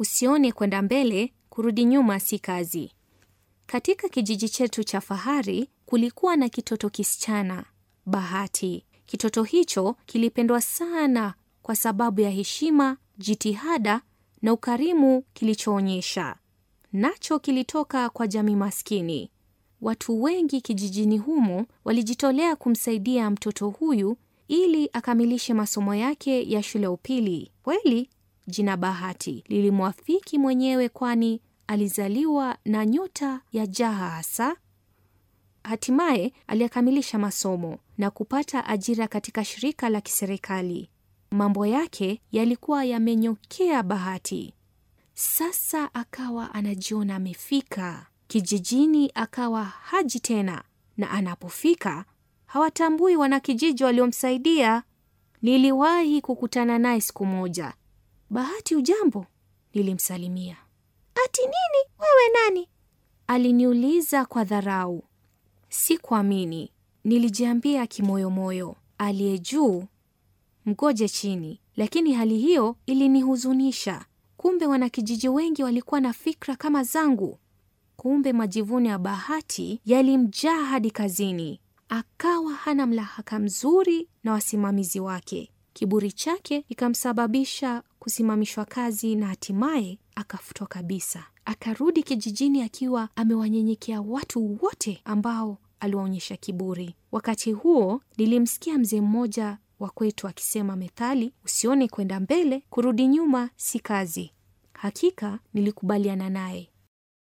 Usione kwenda mbele, kurudi nyuma si kazi. Katika kijiji chetu cha fahari kulikuwa na kitoto kisichana Bahati. Kitoto hicho kilipendwa sana kwa sababu ya heshima, jitihada na ukarimu kilichoonyesha. Nacho kilitoka kwa jamii maskini. Watu wengi kijijini humo walijitolea kumsaidia mtoto huyu ili akamilishe masomo yake ya shule ya upili. Kweli jina bahati lilimwafiki mwenyewe, kwani alizaliwa na nyota ya jaha hasa. Hatimaye aliyakamilisha masomo na kupata ajira katika shirika la kiserikali. Mambo yake yalikuwa yamenyokea Bahati. Sasa akawa anajiona amefika kijijini, akawa haji tena, na anapofika hawatambui wanakijiji waliomsaidia. Niliwahi kukutana naye siku moja Bahati ujambo, nilimsalimia. Ati nini? Wewe nani? aliniuliza kwa dharau. Sikuamini, nilijiambia kimoyomoyo, aliye juu mgoje chini. Lakini hali hiyo ilinihuzunisha. Kumbe wanakijiji wengi walikuwa na fikra kama zangu. Kumbe majivuno ya Bahati yalimjaa hadi kazini, akawa hana mlahaka mzuri na wasimamizi wake. Kiburi chake ikamsababisha kusimamishwa kazi na hatimaye akafutwa kabisa. Akarudi kijijini akiwa amewanyenyekea watu wote ambao aliwaonyesha kiburi. Wakati huo nilimsikia mzee mmoja wa kwetu akisema methali, usione kwenda mbele, kurudi nyuma si kazi. Hakika nilikubaliana naye.